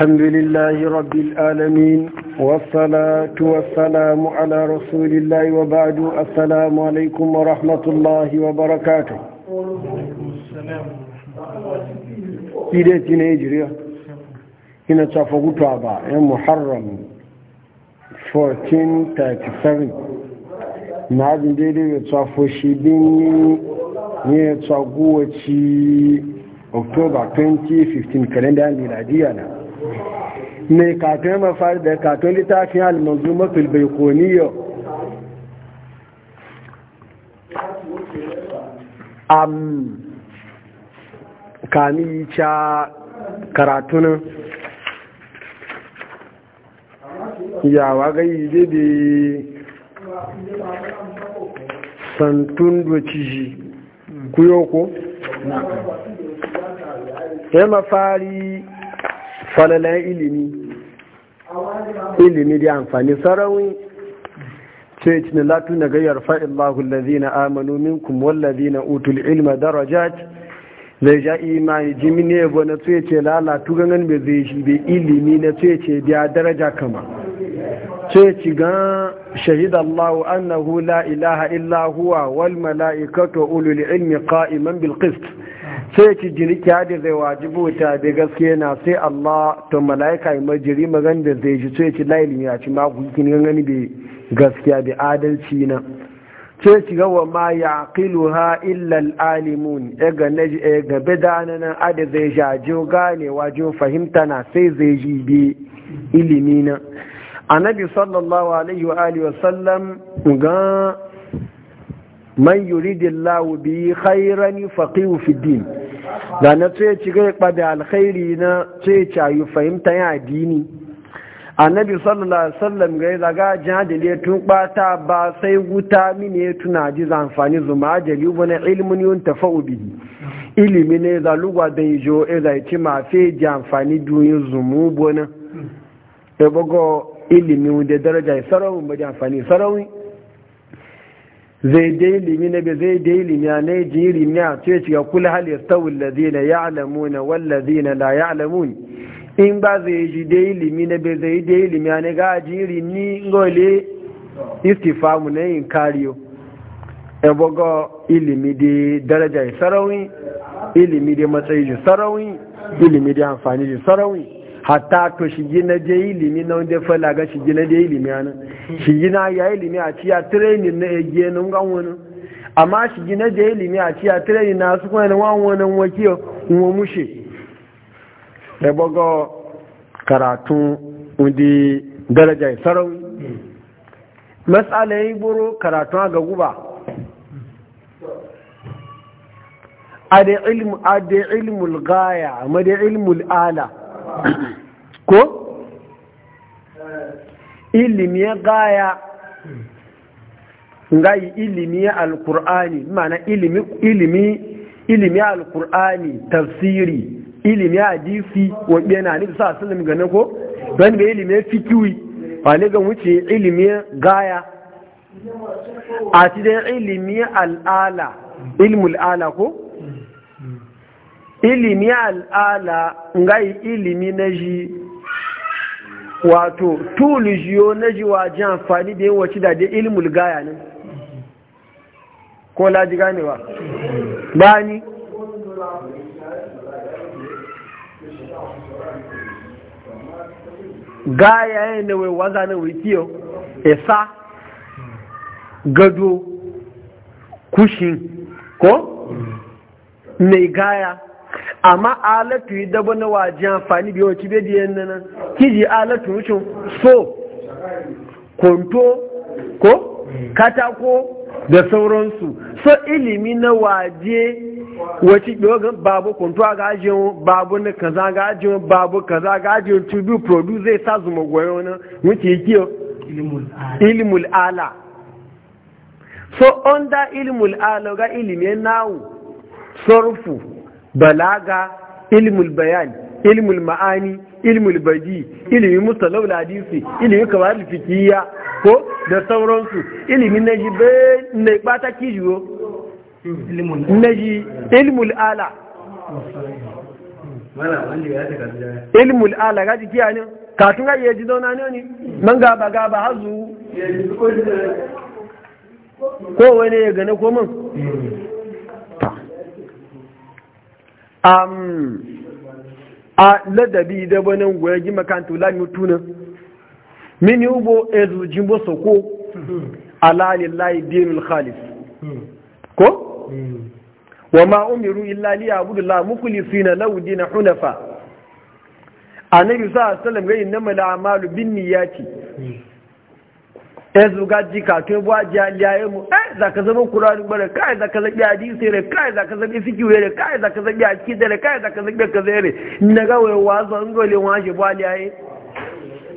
الحمد لله رب العالمين والصلاة والسلام على رسول الله وبعد السلام عليكم ورحمة الله وبركاته إيدتي نيجريا هنا تفقوا طابع محرم 1437 نعدم ديلي يتفقوا شبيني يتفقوا أكتوبر 2015 كالندر ميلادية نعم mai katon mafari da katon littafin almanzu mafi baikoniyo am kami ca karatunan yawa gai daidai santun doci kuyoko ya mafari falalayen ilimi ilimi da amfani sarawi sai cin latu na gayyar fa'illahu lalzina amanu minkum na utul ilma darajat zai ja imani jimi ne yabo na tsoye ce lalatu ganin mai zai shi bai ilimi na tsoye ce biya daraja kama tsoye ci gan annahu la'ilaha ilaha walmala'ikatu wal ulul ilmi kaiman bilkist sai ci jiriki hadi zai waji ta da gaske na sai Allah to mala'ika yi majiri magan da zai ji sai ci lailin ya ci maku kin gangani bi gaskiya da adalci na sai ci gawa ma ya ha illal alimun ya ga na ji ya gabe da nan zai zai ji gane jin fahimta na sai zai ji bi ilimi na annabi sallallahu alaihi wa alihi wa sallam ga man yuridillahu bi khairan faqihu fi din da na tsaye ci gai da alkhairi na tsaye cayu fahimta ya dini annabi sallallahu alaihi wasallam gai zaga jadile tun bata ba sai wuta mine ya tuna ji zamfani zuma jali wani ilmin yun tafa'u bi? ilimi ne za lugwa da ijo e za ci ma fe ji amfani duniyin zumu bonan ya bago ilimi da daraja sarawun ba ji amfani sarawun zai dai limi na bi zai dai limi a na ji limi a ce shiga kula hal na ladina ya'lamuna wal ya la ne. in ba zai ji dai limi na bi zai dai limi a na ga ji limi ngole istifamu na yin kariyo ya bugo ilimi da daraja sarauni ilimi da matsayi sarauni ilimi da amfani sarauni hatta to shigi na je ilimi na wanda fala ga shigi na je ilimi ana shigi na ya ilimi a ciya training na ege nan ngan wani amma shigi na je ilimi a ciya training na su kuma wan wani wake wa mushe da bago karatu wanda daraja sarawi matsala ya yi buru karatu ga guba a da ilmul gaya amma da ilmul ala ko ilimi ya gaya ngayi ilimi ya alkur'ani mana ilimi ilimi ilimi alkur'ani tafsiri ilimi hadisi wani yana nufi sa sallam gane ko don ga ilimi fikiwi ne ga wuce ilimi gaya a cikin ilimi al'ala ilmul ala ko ilimi al'ala ngai ilimi na ji wato tuli jiyo na ji waje amfani da yin wace da dai ilimul gaya ne ko laji ganewa bani gaya yana da wai waza na wikiyo esa gado kushin ko mai gaya amma alatu yi dabo na waje amfani biyo ki bai diyan nan kiji alatu wucin so konto ko katako da sauransu so ilimi na waje wace yogan babu kuntu a gajiyar babu na kaza gajiyar babu kaza gajiyar to do produce zai sa zuma goyo na wuce kiyo ilimul ala so under ilimul ala ga ilimin nawu sorfu balaga ilmul bayan ilmul ma'ani ilmul badi ilimin mustalawul hadisi ilimin kamar fikiya ko da sauransu ilimin na ji bai na bata kijiyo na ji ilmul ala ilmul ala gaji kiya ne katun ga iya ji zauna ne ne man gaba gaba zuwu. ko wani ya gane ko man a ladabi da wani gwaji ji makanta lami tuna mini yubo ezu jimbo soko ala lillahi dinul khalis ko wa ma umiru illa li abudu la mukhlisina lahu dina hunafa annabi sallallahu alaihi wasallam ga innamal a'malu binniyati sai su gaji kato bu a jaliya ya mu eh za ka zama kurani bare kai za ka zabi hadisi re kai za ka zabi fikiwe re kai za ka zabi akida re kai za ka zabi kaza re ina ga wai zo an gole wa shi bu aliyaye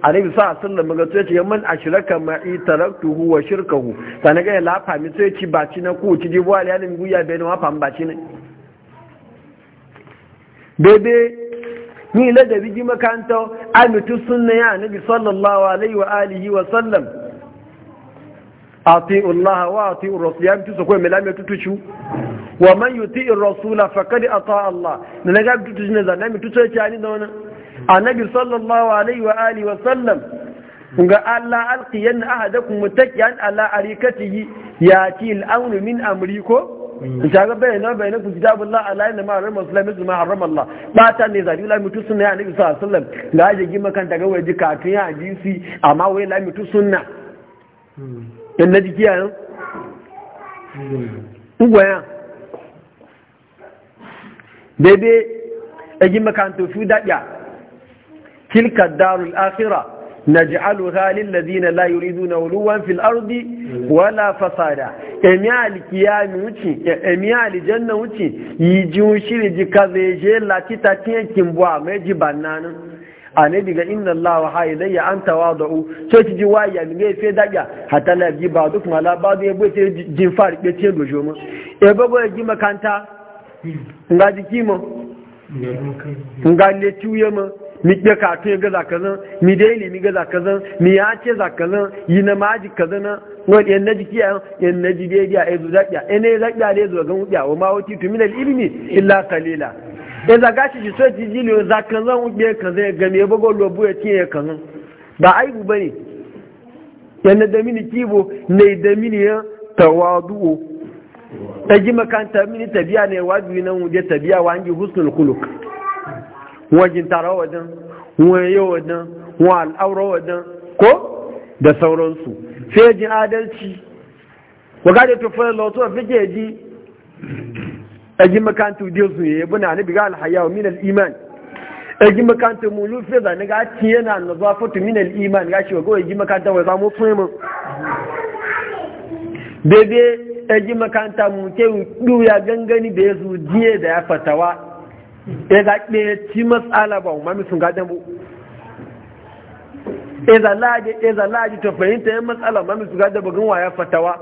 annabi alaihi sallam ga to yace man ashraka ma itaraktuhu wa shirkahu sanan ga la fami to yace ba ci na ku ci ji bu aliyaye ne ya bai ne wa fami ba ci ne bebe ni ladabi ji makanta amitu sunna ya nabi sallallahu alaihi wa alihi wa sallam ati'u Allah wa ati'u Rasul ya mtu sokwe melame tutuchu wa man yuti yuti'ir rasula faqad ata'a Allah na naga tutuchu ne zanami tutuchu ce ani da wannan annabi sallallahu alaihi wa alihi wa sallam ga Allah alqiyan ahadakum mutakiyan ala arikatihi yati al-amru min amriko ta ga bayana bayana ku kitabu Allah ala inna ma harama muslimin ma haram Allah ba ta ne zabi la mutu sunna ya nabi sallallahu alaihi wa sallam la yaji makan daga waje katun ya hadisi amma wai la mutu sunna yan na jiki yayin ugwaya bebe egi makarantar su daɗya tilka darul akhira na ji'alu halin lazina la yuridu na wuluwan fil ardi wala fasada emi alijanna wuce yi ji shiri ji kazeje latita tiyankin buwa mai ji bannanin annabi ga inna Allah wa ha ilayya an tawadu sai ki ji waya ne fe daga hatta la ji ba duk mala ba da yabo ce jin fari be ce dojo mu e ba ba ji makanta nga ji kimo nga le tuye mu mi ke ka tuye ga zakazan mi dai ne mi ga zakazan mi ya ce za zakazan yi na maji kazana wani yan naji kiya yan naji dai ya ezu na yi zakiya e ne zo ga mutiya wa ma wuti tu min ilimi ilmi illa qalila iza gashi shi so ji jini za kan zan uke ka zai game ya bago lobu ya tiye kan zan ba aibu ba ne yana da mini kibo ne da mini ya tawadu'o ta ji makanta mini tabiya ne wajibi nan wuje tabiya wa an ji husnul kuluk wajin tara wajen wayo wajen wa al'aura wajen ko da sauransu sai ji adalci wa gaje to a, lauto fike ji egi makantu dio su ye buna ni biga al hayaw min al iman egi makantu mulu fe da ga tiye na no min al iman ga shi go egi makanta wa za mu bebe egi makanta mu ke du ya gangani da yazo jiye da ya fatawa ya e ga ne ci masala ba mu ga dan iza laji eza laji to fahimta yan matsala mami su gada bugun waya fatawa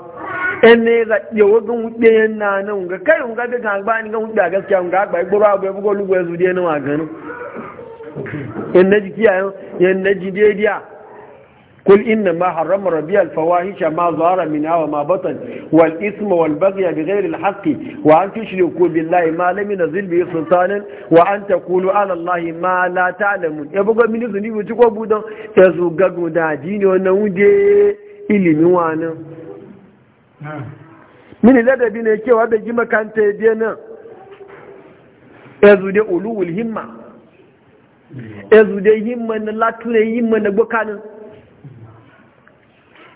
in ne za ya wagun wuɗe yan na nan ga kai ga da kan ba ni ga wuɗe gaskiya ga abu ya bugo lugu ya zuɗe yan قل إنما حرم ربيع الفواحش ما ظهر منها وما بطن والإثم والبغي بغير الحق وأن تشركوا بالله ما لم ينزل به سلطانا وأن تقولوا على الله ما لا تعلمون يبقى من ذنبي وتقوى بودا يزوغا داجيني ونودي إلي موانا نعم. من الذي الأدب نكي وهذا جمع كان يدينا يزودي أولو الهمة يزودي همة لا تلي همة نبقى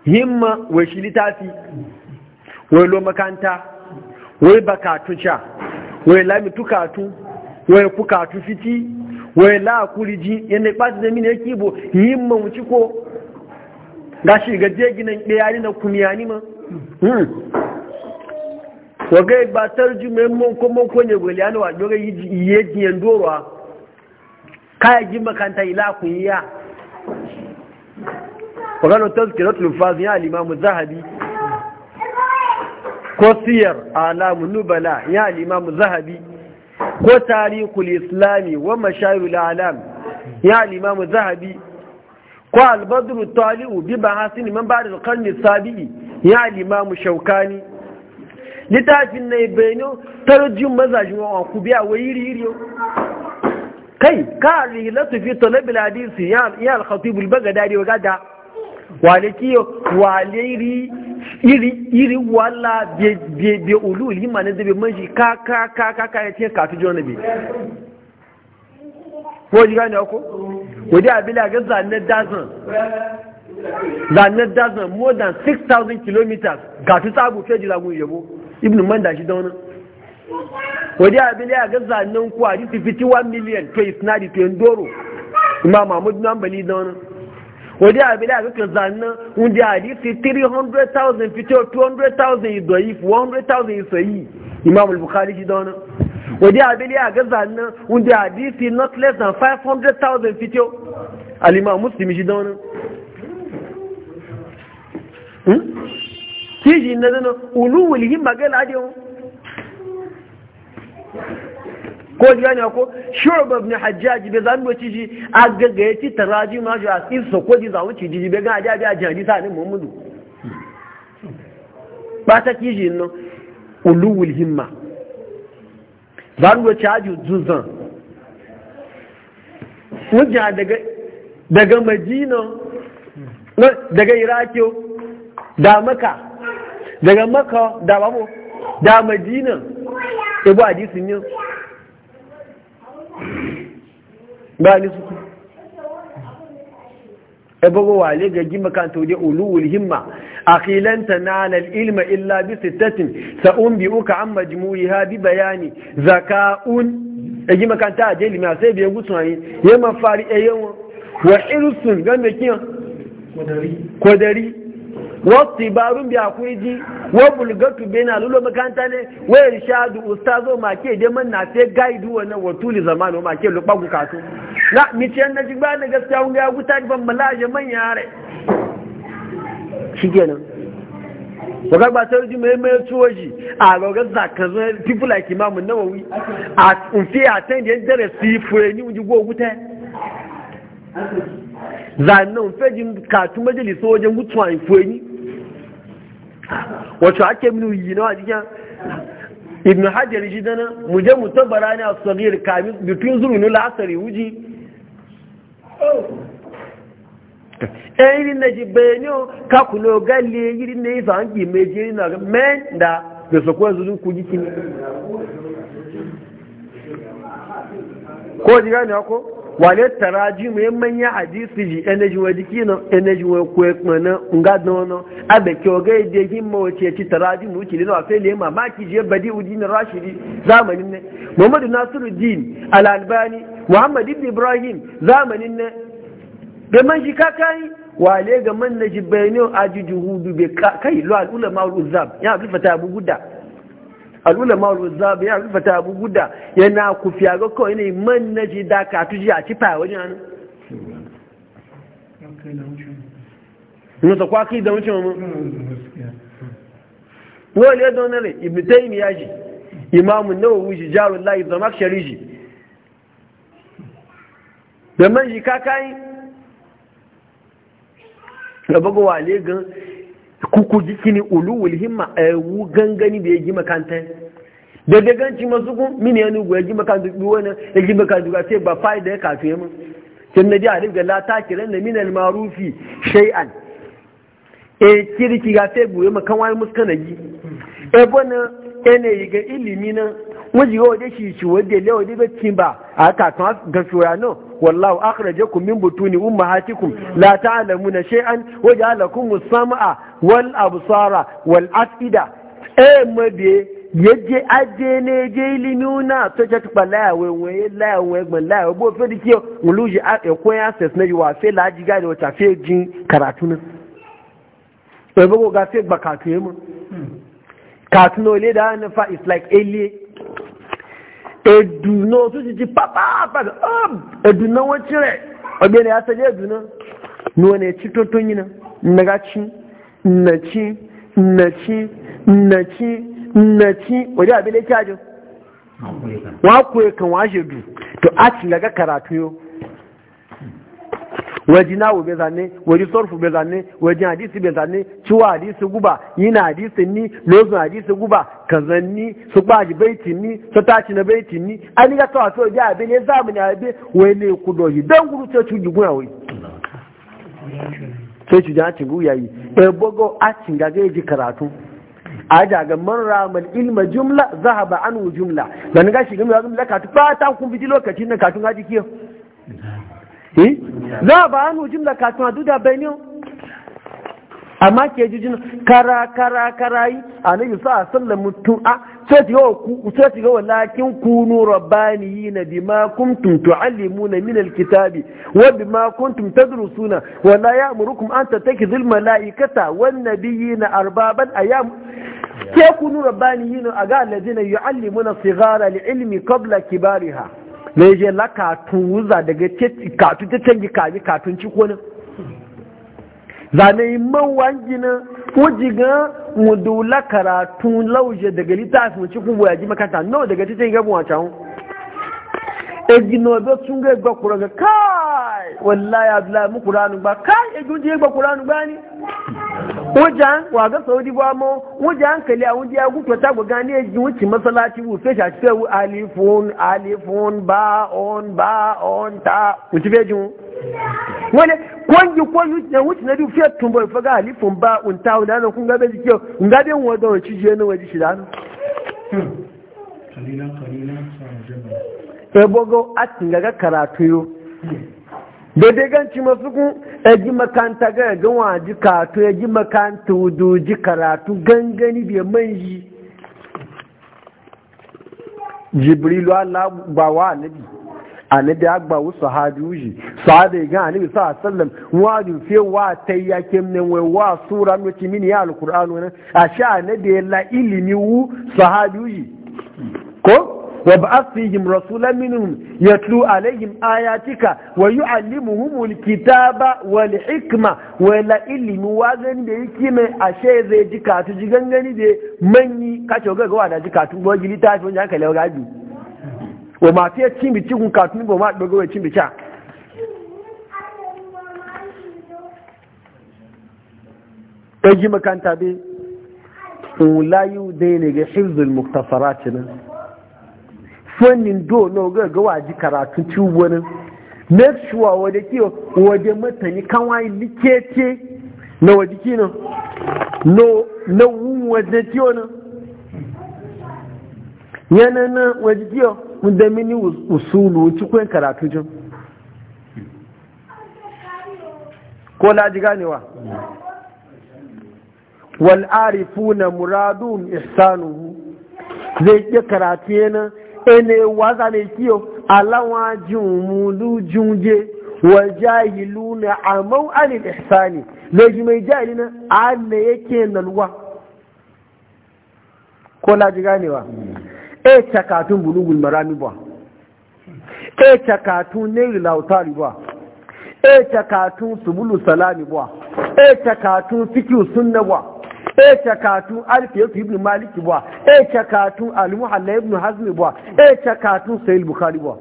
himma wai shi litafi wai lo makanta wai bakatu sha wai lami tukatu wai kukatu fiti wai la kuriji yana ɓata da mini yake bo himma wuci ko ga shi ga jeginan ɗayari na kumiyani ma hmm. waga ba tarju mai mako mako ko ne gwali ana wa joga yiye jiyan dorwa kaya gi makanta ila kun ya ƙoranar tazkirar tulfaz ya alimamu zahabi ko siyar alamun nubala ya alimamu zahabi ko tarihul islami wa mashayul alam ya alimamu zahabi ko albadru talibu biba hasini man ba da karni sabi'i ya alimamu shaukani littafin na ibenu tarjumin mazajin wawan ku biya wa yiririyo kai ka rihilatu fi na hadisi ya al-khatib al-baghdadi wa gada wale kiyo wale iri iri iri wala be be be ulu lima mane de manji ka ka ka ka ka yace ka tu jona bi ko ji gane ko ko da bila ga zanne dazan zanne dazan more than 6000 kilometers ga tu sabu ke jira mu yebo ibn manda shi da wannan ko da bila ga zanne ku a 51 million to na di ndoro imam mahmud nambali da wannan wadi abila ga ka si wadi hadisi 300,000 fito 200,000 doif 100,000 sayi imam al-bukhari shi dona wadi abila ga zanna wadi si not less than 500,000 fito al-imam muslim shi dona hmm kiji na zana uluwul himma ga ladiyon ko gane ko shurba ibn hajjaji be zan doci shi a gaggaye ci taraji ma ju asir so ko ji za wuce ji be ga ajabi a jadi sa ne muhammadu ba ta ki ji no uluwul himma zan doci aju zuzan wujja daga daga madina daga irakiyo da maka daga maka da babu da madina ibu hadisin yau ba ni suku ebogo wale ga gima kan taude ulul himma akhilan tanala ilma illa bi sittatin sa'umbi uka an majmu'iha bi bayani zaka'un e gima kan ta ajeli ma sai biye gusun ayi yema fari eyewo wa irsun ga me kiyan kodari kodari wasu barun biya kuriji wa bulgatu bai na lulo makanta ne wa irshadu ustazo ma ke dai man na sai gaidu wannan watuli zamanu ma ke lupa gukatu na miciyan na jigba na gaskiya wunga ya wuta ban malaje man yare shikenan waka ba ta ruji mai mai tuwoji a rogar zakan zuwa people like imamu nawawi a unfi a ta yin dare su yi fure ni wuji go wuta zanen fejin katu majalisa wajen mutuwa in fure ni wato ake minu yi na wajen ibn hajjar shi dana mu je mu tabbara ne a tsagiyar kamis bikin zuru ne la'asari wuji ɗan eh, irin na ji bayani ka kulo galle irin na yi sa hanki mai jiri na men da da sakuwa zuru ku jiki ko ji gane ko wale taraji mai manya hadisi ji energy wa jiki na energy wa kwe kwana nga dono abe ke oga ide hin ma wace ci taraji mu ci lina afi lema ma ki je badi udin rashidi zamanin ne muhammadu nasiruddin al-albani muhammad ibn ibrahim zamanin ne da man shi kakai wale ga man na jibayinu aji hudu be kai lo al ulama ul uzab ya abdul fata abu guda alula mawar zaɓe ya rufe ta abu guda yana fiya ga kawai ne man na ji da ka tuji a ci a wajen hannu nusa kwa kai da wucin mu wani ya zaune ne, ibi ta yi ya ji imamun nawa wuji jarun layi zama shari ji da man ji kakayi da bagowa ne gan kuku jikini uluwul himma ewu eh, gangani da ya ji makanta da ganci masu kun mini ya nugu ya ji makanta bi wani ya ji makanta ba sai ba fa'ida ya e kafe ya mun na ji a riga la ta kiran da minal marufi shay'an e kirki ga sai buwe makan wani muskana ji e bona ene yi ga ilimi na Wajen ga da shi shi wadda le da ba kin ba a ka kan ga shoya no wallahu akhrajakum min butuni ummahatikum la ta'lamuna shay'an waja'alakum as-sam'a wal absara wal afida e mabe yeje aje ne je ilimi na to je tupa la we we la we gbon la we bo fe di ki o lu je e ko ya access na wa fe la ji ga ni o ta fe jin karatu na e bo ga fe gba karatu e mo karatu no le da na fa it's like elie edu no to ti ti papa papa ah, edu na won chire ogbeni asaje edu na no ne chi to to nyina, na na ga chi nnaci nnaci nnaci nnaci wajen abin da ajin wa kuwa kan washe du to a ci laga karatu yau wajen nawo bai zane wajen sorfu bai zane wajen hadisi bai zane ciwa hadisi guba yin hadisi ni lozun hadisi guba kazanni su ji baiti ni su tashi na baiti ni an yi gata wasu wajen abin ya zamani abin wai ne kudoshi don gudu ce cuji guna wai sai su ja cin guya yi ɗaya eh, bogo a cinga zai ji karatu a daga man ramal ilma jumla za zahaba anhu jumla dan ga shi gumi zumla ka tuba ta kun bi lokacin nan katun haji kiyo za eh zahaba anhu jumla katun hadu da bai niyo amma ke jijin kara kara kara yi karai annabi sa sallallahu mutum a sai ga walakin kunu rabbaniyina ma kuntum tuallimuna min alkitabi wa bima kuntum tadrusuna wa la ya'murukum an tattakhidhu almalaikata wan nabiyina arbaban ayam sai kunu rabbaniyina aga alladhina yuallimuna sighara liilmi qabla kibariha ne je laka katun wuza daga katu ta canji kaji katun ci zane man wangina wajiga mudula karatu lauje daga littafi mu cikin boya ji makanta no daga titin gabu wancan egino be tun ga gba kuraga kai wallahi abdullahi mu qur'anu kai egun je gba qur'anu ba ni wajan wa ga saudi ba mo wajan kali a wudi ya gutu ta gwa gani yi e wuci masallaci bu fe shi alifun alifun ba on ba on ta wuci bejun wani kwanji ko yuce wuce na duk fiye tun faga halifin ba unta wani ana kun gabe jike in gabe wa da wace jiye na waje shida na ya bogo a tingaga karatu yo daidai ganci masu kun yaji makanta ga ga waji karatu yaji makanta wudoji karatu gangani bai manji jibrilu allah ba wa nabi da agba wu sahabi uji sahabi ga annabi sa sallam ju fe wa tayya ne we wa sura no min ya alquran wa a sha de la ilimi wu sahabi uji ko wa ba'athihim rasulan minhum yatlu alaihim ayatika wa yu'allimuhum alkitaba wal hikma wa la ilimi wa gan da yiki mai ashe zai ji katu ji da manyi kashe ga ga wa da jikatu go gili ta fi wanda aka lawa gaji. E wa ma fiye cin bici kun katun ba ma ɗaga wa cin bici ɗan ji makanta bi layu dai ne ga hirzul muktasara ce nan fannin do na ga ga waji karatu ci wani make sure wadda ke wadda matani kan wani likete na wadda ke nan na wun wadda ke nan yana na wadda ke wanda mini usulu cikin karatu jin ko laji ganewa wal'arifu na muradun isanu zai iya karatu yana ene waza ne kiyo alawa jumulu junje wa na amau anil ihsani zai mai na, an ne yake naluwa ko laji ganewa e cakatun bulugul marami ba e cakatun nail lautari ba e cakatun subulu salami ba e cakatun fikir sunna ba e cakatun alfiyatu ibn maliki ba e cakatun almuhalla ibn hazmi ba e cakatun sayil bukari ba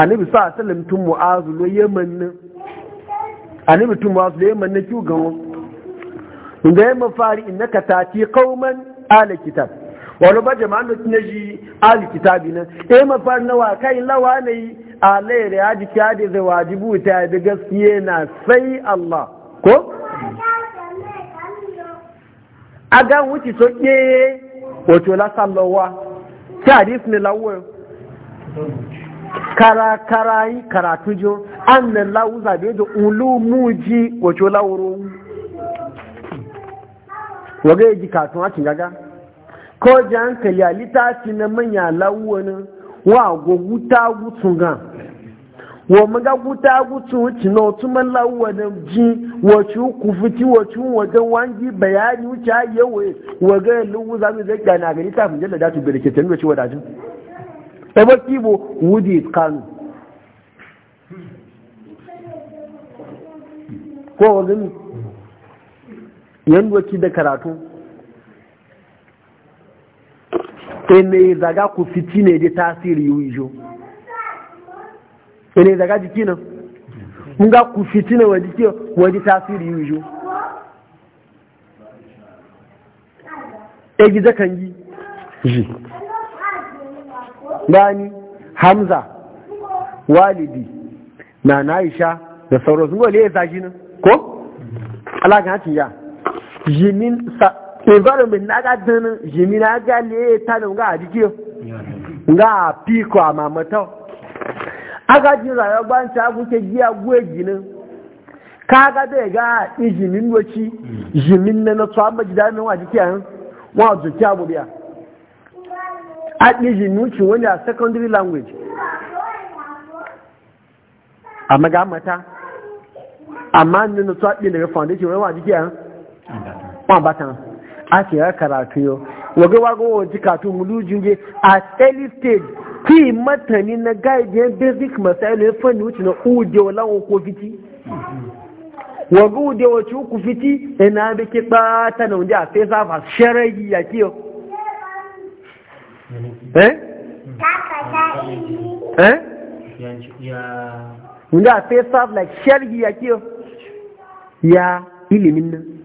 annabi sa asalin tun mu'azu lo yaman nan annabi tun mu'azu lo yaman ga mafari fari naka tati kauman ala kitab wani ba jama'an da na shi ali kitabi nan eh mafar na wa kai lawa ne a layar ya ji kya da zai wajibu ta bi gaskiye na sai Allah ko a ga wuce soke wato la sallawa ta hadis ne lawo kara karayi karatu jo an na lawo zabe da ulumuji wato lawuru waga yaji katun a gaga ko ji hankali a littafi na manya lawuwanin wa go guta gutsun ga wa maga guta gutsun wuce na otu man lawuwanin ji wace ku fiti wace wajen wangi bayani wuce a yawa waga ya lugu za mu zai gana ga littafin jalla da su bai da ke tanu da shi wadajin ɗaba kibo wudi kanu ko wa yan doki da karatu yi zaga ku fiti ne da tasiri yiwu yi zaga jiki nan nga ku fiti ne wa jiki wa ji tasiri e kan egi zakan yi ji gani hamza walidi na na isha da sauransu gole ya zaji nan ko alaga hatin ya jimin sa min na ga jimin na gali le ta da ga jike ga piko a mamata aga ji rayuwa banci abu guke giya guwe ginin ka ga da ga jimin waci jimin na na tsohon majidamin wa jike yan wa zuki abu biya a jimin wuce wani a secondary language ga mata amma nuna tsohon daga foundation wani wa jike yan wọn batan a ti ya karatu yau waga waga wajen katun mulujin je a early stage ki matani na gaidiyar basic masailu ya fanni wuce na ude wa lawon ko fiti waga ude wa ku fiti ina da ke bata na wunde a sai safa sharagi ya kiyo eh eh wunde a sai safa like sharagi ya kiyo ya ilimin nan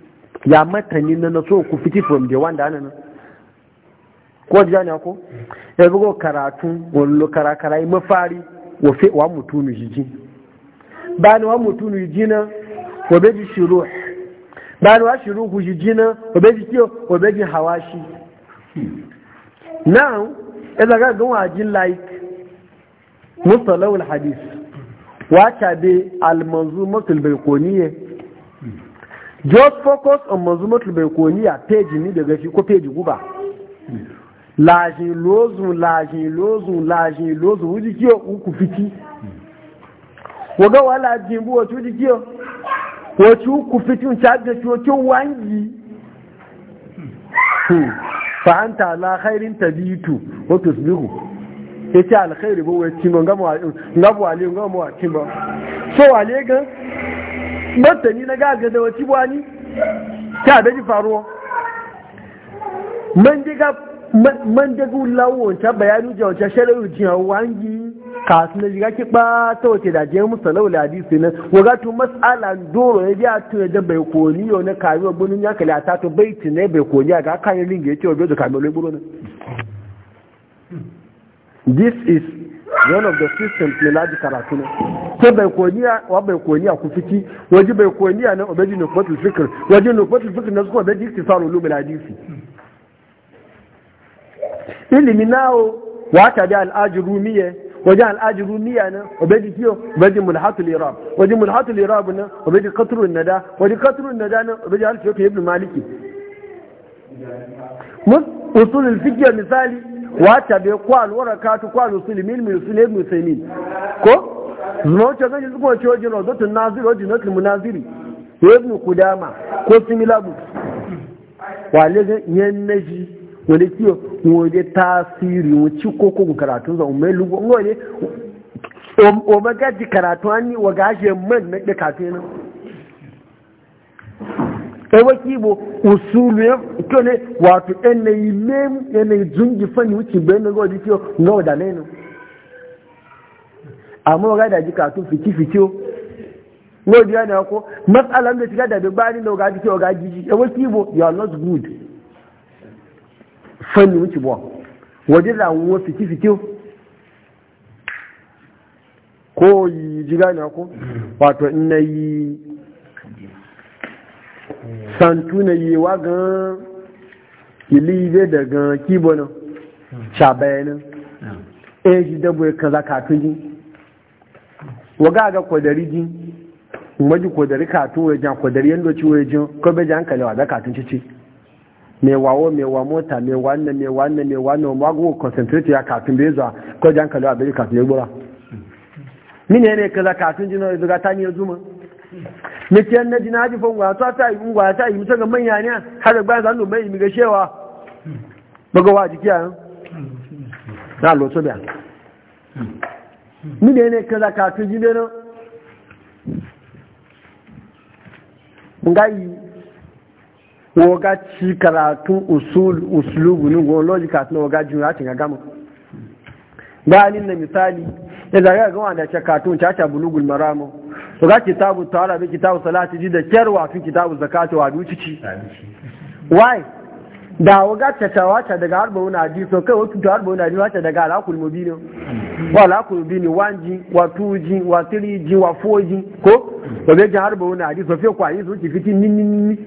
ya matani na na so ku fiti from the one da ana ko ji ne ko ya bugo karatu wallo karakara yi mafari wa fi wa mutunu jiji bani wa mutunu jina wa beji shiru. bani wa shiru shiruhu jijina wa beji kiyo wa beji hawashi now ila ga gan wajin like mustalahu alhadith wa ta bi almanzumatul bayquniyya just focus on mazumatul a page ni daga shi ko page guba lajin lozun lajin lozun lajin lozun wuji kiyo uku fiti waga wa wala jimbu wato wuji kiyo wato uku fiti un chaga kiyo kiyo wangi hmm. fa anta la khairin tabitu wa tusbihu yace alkhairi bo wai timon gamo ngabo ale ngamo timon so wale gan martani na gaga da wace wani ta da ji faruwa man daga man lawon ta bayanu ja wata shari'u jiya wangi kasu na jiga ki ba ta wace da je musu laula hadisi na waga to mas'ala doro ya biya to da bai koni yau na kayi wa bunun ya a ta bai tun ya bai koni ga kayan ringe ya ce wa da kamar leburo ne this is one of the systems ne laji karatu ne Ko bai koniya wa bai koniya ku fiki waje bai koniya na obeji nukmatul fikir waje nukmatul fikir na suka obeji iktisaru lumin hadisi ilimi nawo wa ta da al'aji rumiye wajen al'aji rumiya na obeji kiyo obeji mulhatul irab waje mulhatul irab na obeji katrun nada waje katrun nada na obeji alfiyo ibn maliki usulul fiqh misali wata bai kwal warakatu kwal musulmin musulmin musulmin ko zuwa zai zuwa cewa jin rozotun naziri wajen nasu munaziri ya ibn kudama ko similar books wale ga yan naji wani kiyo wani tasiri wuci ko ko karatun zan mai lugu wani o magaji um, karatu an yi wa gashe man na katuna ewa kibo usulu ya kyone wato yanayi lemu yanayi zungi fani wuce bayan daga wajen kiyo ga wada lenu amma wa gada ji katun fiti fitiyo lodi ya na ko matsalan da shiga da dubani da waga kiyo ga jiji ewa kibo you are not good fani wuce bo wajen rawuwa fiti fitiyo ko yi ji gane ko wato in yi santuna yi wa gan ili zai da gan kibo nan shabayanin E, shi dabo ya kaza katun ji waga ga kwadari ji maji kwadari katun wa jan kwadari yadda ciwo wa jin ko bai jan kalewa da katun cici mai wawo mai wa mota mai wannan mai wannan mai wannan ma go concentrate ya katun bai zuwa ko jan kalewa bai katun ya gbura mine ne kaza katun ji na zuga ta ne zuma mikiyan na jinaji fa ngwata ta yi ngwata yi musa ga manya ne har da bayan zanu mai miga shewa baga wa jiki an na lotu biya ni ne kaza ka tun jide no ngai wo usulubu ci karatu usul uslubu ni go logic at no ga jun ganin na misali ya zaga ga wanda ce katun caca bulugul maramu to ga kitabu tara bi kitabu salati ji da kyarwa fi kitabu zakatu wa ducici why da waga ta wata daga harba wani ji so kai wasu harba wani ji wata daga alakul mubini wa alakul mubini wan ji wa tuji, wa tiriji ji wa foji, ko wabe jan harba wani ji so fi kwayi su ki fitin nin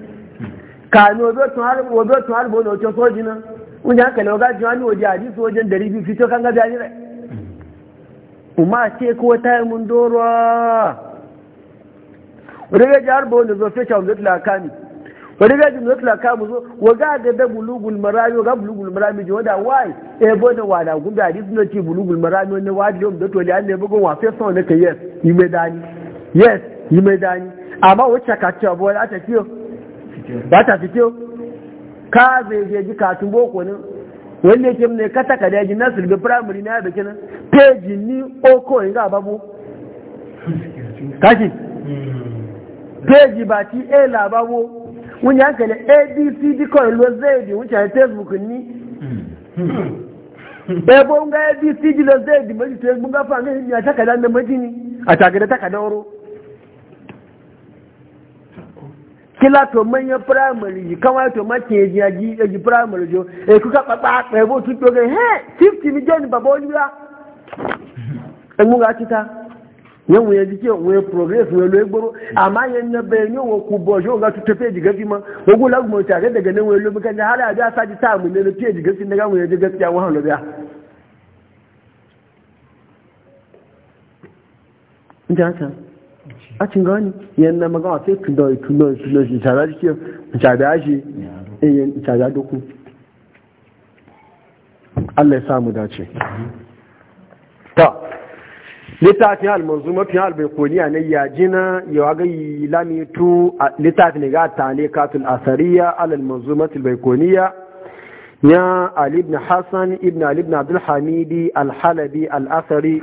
ka ni wabe tun harba wani ojo soji na wunye hankali waga ji wani waje adi wajen dari biyu fito kan gabi adi rai kuma ce ko ta yi mun dorowa wadda gaji harba wanda zo fesha wanda tula kami wadda gaji wanda tula kami zo waga ga da bulugul marami waga bulugul marami ji eh, wada wai e bo na wada gumbi a disney ce bulugul marami wani wadi wanda toli an ne bugun wafe son wani ka yes yi mai dani yes yi mai dani amma wacce ka ce abuwa da ta fiyo za ta fiyo ka zai je ji katun boko ne wanda yake ne kata ka daji na sulbi primary na da kinan peji ni oko inga babu kashi peji ba ti a lababo wani hankali abcd kawai lo zai di wuce facebook ni ebo nga abcd lo zai di maji facebook ga fa ne ya takada na maji ni a takada takada wuro kila to manyan primary yi kama to makin yaji ya ji primary jo e kuka papa pebo tu to he 50 million baba oliwa en mu ga kita yen wo yaji ke wo progress wo lo egboro ama yen na be ni wo ku bojo ga tu tepe diga fi ma wo lagu mo ta ga daga ne wo lo mukan har a ja sa ji ta mu ne lo pe diga fi daga mu yaji gaskiya wa lo biya Johnson. a cin gani yan na magana sai da tudor tudor shi tsada shi tsada shi eh tsada doku Allah ya samu dace ta littafin almanzuma fi albaikoniya na yajina yawa ga yi lamitu littafin ga tane katul asariya mafi albaikoniya ya ali ibn hassan ibn ali ibn abdul alhalabi al'asari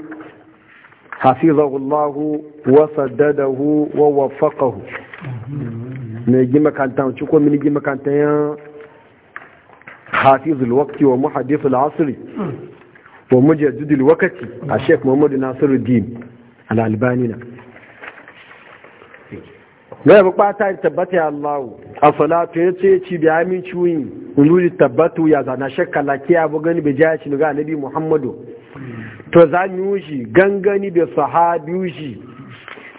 hafizahullahu wasaddadahu wa waffaqahu ne gi makantan ci ko min gi makantan ya hafizul waqti wa muhaddithul asri wa mujaddidul waqti a sheikh muhammad nasiruddin al-albani na ga ba ta tabbata ya Allah a salatu ya ce ci bi amin ciwin uluji tabbatu ya zana shakka lakiya bu gani bai jaya ci ga nabi muhammadu to za mu yi gangani bi sahabi shi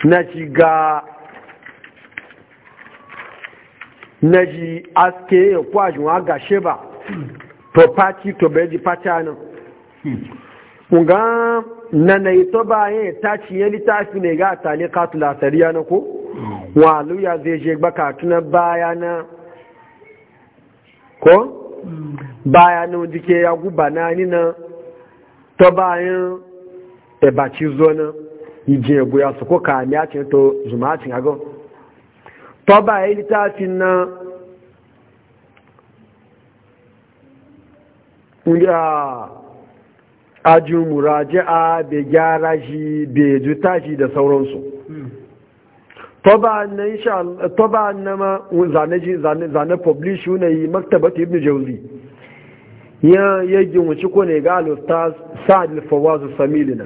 na shiga aske ya kwajin wa ga sheba to pati to bai pati anan ƙunga na na ito bayan ta ciye littafi ne ga tali katula sariya na ko walu ya zai je baka tuna baya na ko baya na jike ya guba na ni na to bayan ebaci zo na ije buya su ko kami a cin to zumacin ago to ba ya yi littafin na ya ajin muraji'a bai gyara shi bai juta shi da su. Hmm. toba na ma zane zane publish na yi maktabat ibn jauzi Yan yi wuce kone ne ga alustaz sa'ad alfawazu samilina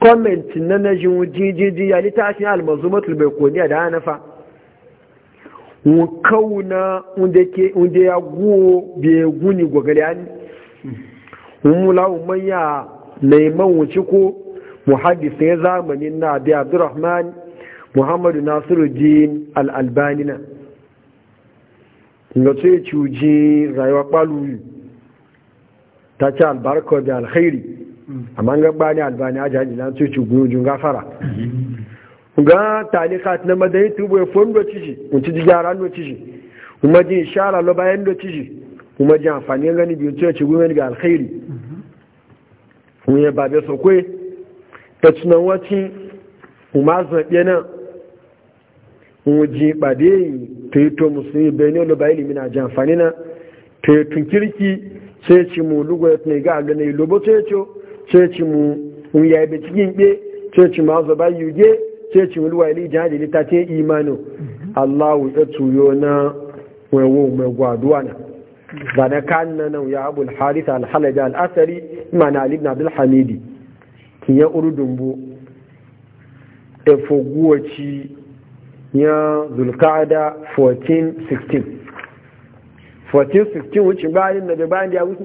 comment na na jijiji ya littafin almazumatul bai koniya da hanafa kauna wanda ya guwo bai guni gwagali an mula umayya naiman wuce ko muhaddis ya zamanin na abi abdurrahman muhammadu nasiruddin al'albani na ga ce cuji rayuwa kwalu ta ce albarka da alkhairi Mm. amma ga bani albani a jihadi lan tuci gujun gafara mm. ga talikat na madani tubo ya do ciji unci ji gyara no ciji kuma ji ishara lo bayan do ciji kuma ji amfani gani biyu tuci gujun ga alkhairi mm-hmm. mun ya babe so kwe ta tunan wacin kuma zaɓe nan wuji ɓade ta yi to musulmi bai ne lo bayan limina ji amfani na ta tun kirki sai ci mu lugu ya tunai ga abu na yi lobo ta ceci mu mu ya be cikin be ceci ma zo ba yi, ceci mu luwa ili jihadi li tace imanu Allah ya tuyo na wewo mai gwaduwa na ba da kan nan ya abul harith al halaja al asari imana ali ibn abdul hamidi kin ya urudun bu e foguwaci ya zulqa'ada 1416 1416 wuce bayan da bayan da ya wuce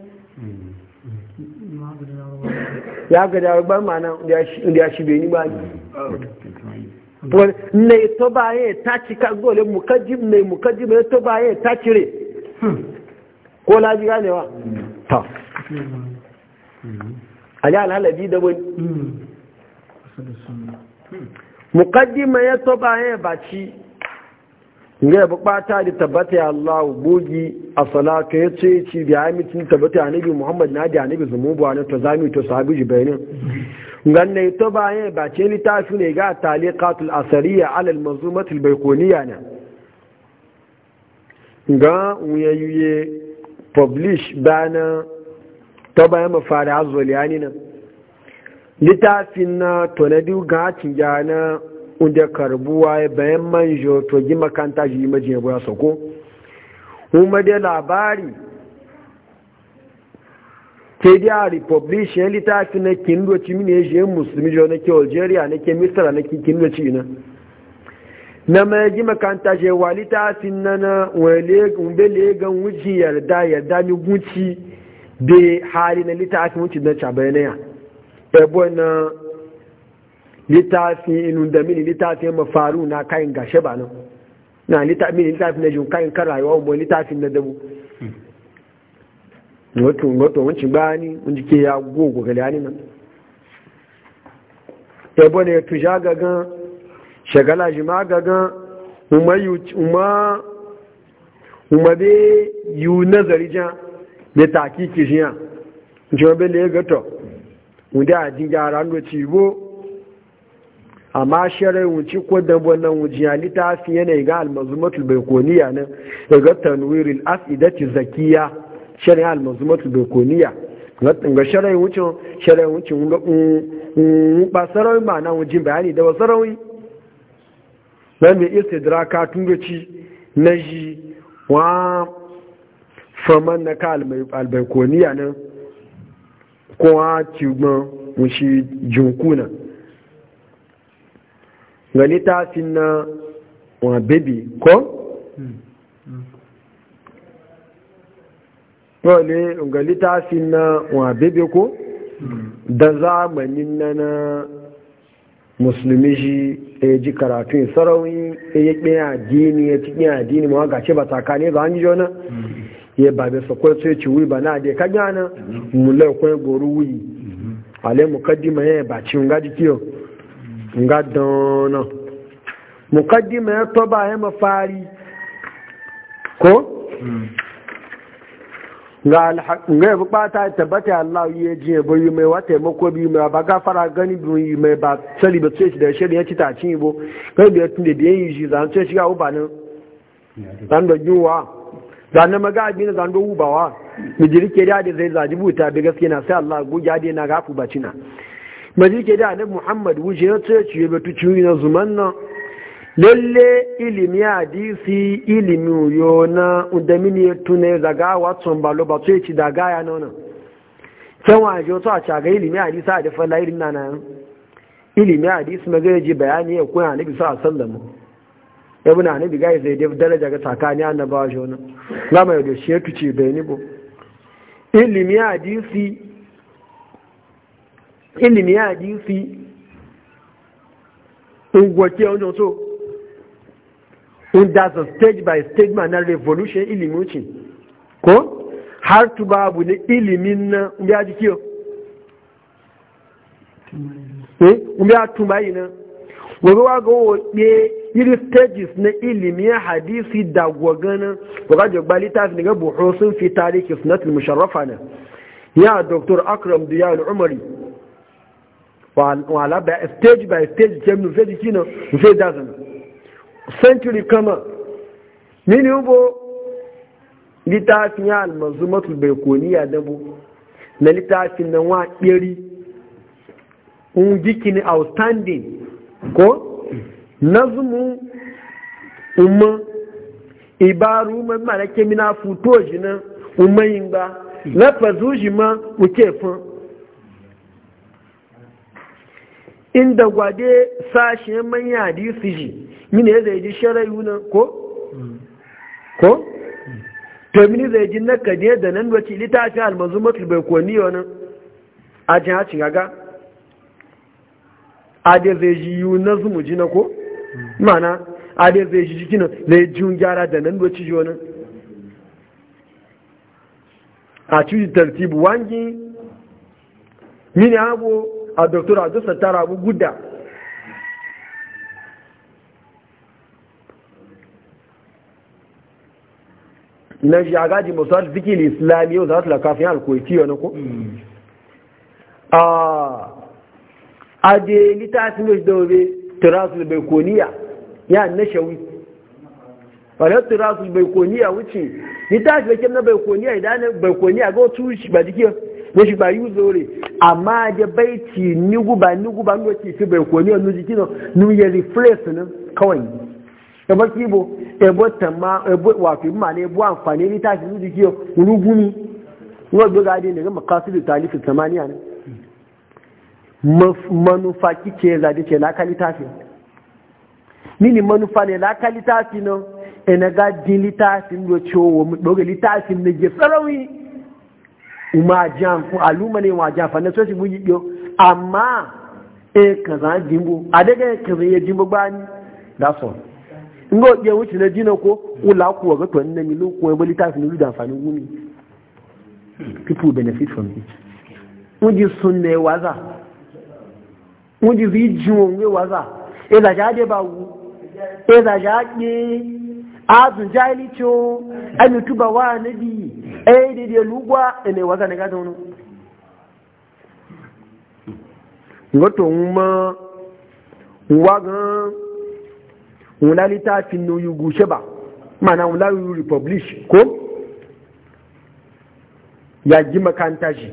ya ga da ba mana inda ya shi beni ni ba ne to baye ta ka gole mukajjib ne mukajjib ne to baye ta cire ko laji ganewa ta a ji alhalabi da wani mukaddima ya to baye ba ci ne bukata da tabbata ya Allah bugi a salatu ya ce ci da ya mitin tabbata ya nabi Muhammad na da nabi zumubu ne to zami to sahabi jibainin ganne to bayan ba ce ni ta su ne ga taliqatul asariya ala al-manzumatul baykuniya na. ga uyayuye publish bana to bayan mafara azwaliyani na litafin na to na cin na da karbuwa bayan manjo to gi makanta ji maje ya sako kuma dai labari ke da republish ya littafi na kindoci mini ya je musulmi jo na ke algeria na ke misra na ke kindoci na na mai ji makanta je wa littafin na na wale gan wuci yarda yarda ni guci da hali na littafin wuci na cabayanaya ebo na littafi inun da mini littafi ma faru na kayan gashe ba nan na littafi mini littafi na jin kayan kan rayuwa wani littafin na dabu wato wancin bayani wani jike ya gogo ga lani nan ya bone tuja gaga shagala shi ma gagan uma umabe yu nazari jan da takiki kishiyan jiwa da ya gato wanda a jinga ran do bo amma shirin wuce ko dabon nan wuce ya littafi yanayi ga almazumatul baikoniya nan daga tanwirin afidati zakiya shirin almazumatul baikoniya ga shirin wucin shirin wucin mm, mm, ba sarawi ma na wuce bayani da ba sarawi na mai istidraka tun da ci na shi wa faman na ka albaikoniya nan kowa cigbon wuce jinkunan ga littafin na wa bebe ko? dole hmm. hmm. ga littafin na wa bebe ko? Hmm. da zamanin na na musulmi shi ya ji e karatun sarauni e ya ƙi addini ya e ci addini ma ga ce ba tsakani ba an yi jona ya ba bai sakwai sai ci wuyi ba na da ka gana mulai kwai goru wuyi alai mukaddima ya ba ci ngaji kiyo nga dɔɔnɔ mukaddima ya tɔba ya mafari ko hmm. ga ya bi bata tabbata Allah ya ji bo yi mai wata mako bi mai ba gafara gani bi yi mai ba sali ba tsaye da shari ya ci ta cin bo kai da tun da biyan yi shi zan tsaye shiga uba nan zan da yiwa zan na maga abin zan da ubawa mi jirike da da zai zaji buta bi gaske na sai Allah goja da na gafu na. maji ke da annabi muhammad wuce ya ce ciye batu ciwi na zuman nan lalle ilimi hadisi ilimi yo na udamini ya tuna daga watson balo ba ce ci daga ya nuna can waje wato a caga ilimi hadisi a dafa layirin na na ilimi hadisi magana ji bayani ya kuna annabi sa sallama ya bi na annabi gai zai dai daraja ga tsakani annabawa shi wani gama ya da shi ya tuce bayani bu ilimi hadisi ilimi ya hadisi ungwake wani so in that's a stage by stage ma na revolution ilimi wuce ko har tu babu ne ilimin na ya ji kiyo eh ya tumayi na wani wa ga wobe iri stages na ilimi ya hadisi da gwagana gwagajin gbalita fi daga buhosun fi tarihi sunatul musharrafa na ya dr akram diyal umari wà lábẹ́ stage by stage jẹ́mi nùfẹ́ di kína nùfẹ́ dáadáa century kama nínú ìbò littafin almazu matulbai kò ní àdábò na littafin na wọ́n àpẹẹrí un jíkì ní outstanding ko nazumu umma ibaru ma mẹ́màrẹ́kẹ́mí na fútójì na umma yìnbá lẹ́fẹ̀ẹ́ zújì ma òkè fún inda gwade sashe manya hadisi ji mini zai ji sharayu na ko? ko? to mini zai ji na kade da nan wace littafin almanzu matul bai koni wani ajin hacin gaga ade zai ji yiwu na zumu ji na ko? mana ade zai ji jikina zai ji gyara da nan wace ji wani a cikin tartibu wangi mini abu a doktora a ta rabu guda na shi a gaji masu hatu zikin islami yau za su lakafin alkoiti wani ko a da littafin da shi daure tirasul bai koniya ya na shawi wadda tirasul bai koniya wuce littafin da ke na bai koniya idanun bai koniya ga shi ba jikin na shi ba yi zore amma da bai ci ni guba ni guba ni wace ci bai ni wani jiki no nu ya refresh nan kawai ebo kibo ebo tama ebo wato ma ne ebo amfani ni ta ci jiki yo rugumi wa do ga dai ne ga makasidu talifi samaniya ne manufa kike za da ce lakali tafi ni manufa ne e na lakali tafi no ina ga din litafin do ciwo mu doga litafin ne ge sarawi umajan ku aluma ne wajan fa na so shi muyi yo amma e kaza jimbo adega kaza ya jimbo gbani that's all ngo je wuce na jina ko ula ku ga to nan mi lu ko e bali ta fi da amfani gumi people benefit from it wuji sunne waza wuji vijun we waza e da jade ba wu e da jade azun jahili cho an tuba wa nabi eh di di lugwa ne waza ne gado no ngoto ma waga wala litafi no yugu ba, mana wala yu republish ko ya ji makanta shi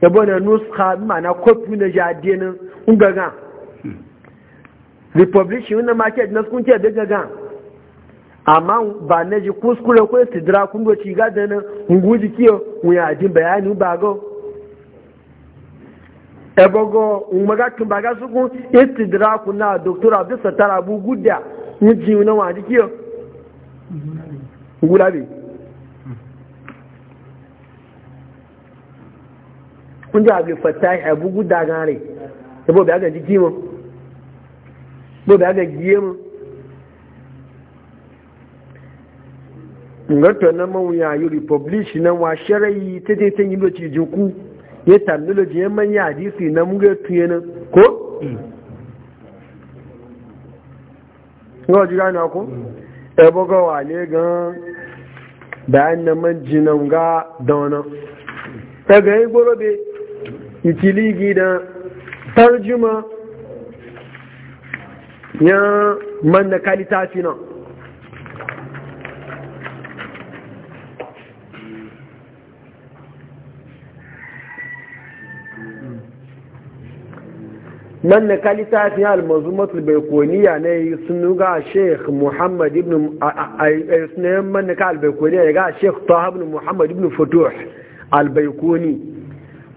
yabo na nuska mana kofi na jadinin ungaga hmm. republish yi yuna market na sun ce daga amma ba na ji kuskure ko istidra kun go ci ga dana ngu ji kiyo wuya jin bayani ba go ebogo umaga kun ba su kun istidra kun na doctor abdul sattar abu gudda ni ji na wa ji kiyo ngulabi kun ji abdul fatai, abu gudda gare ebo bi aga ji kiyo bo bi aga giye mu ngato na mawuya yi republish na wa sharayi ta je ta yi lokaci jinku ya technology ya manya hadisi na muga tuye nan ko mm. ngawa na gani ako mm. ebo ga wale gan bayan na manji na nga dana ta e ga yi gorobe itiligi da tarjuma ya man na kalitafi na man na kalita fi al-mazumatul baikoniya ne sun ga sheikh muhammad man na kalita baikoniya ya ga sheikh taha ibn muhammad ibn futuh al-baikoni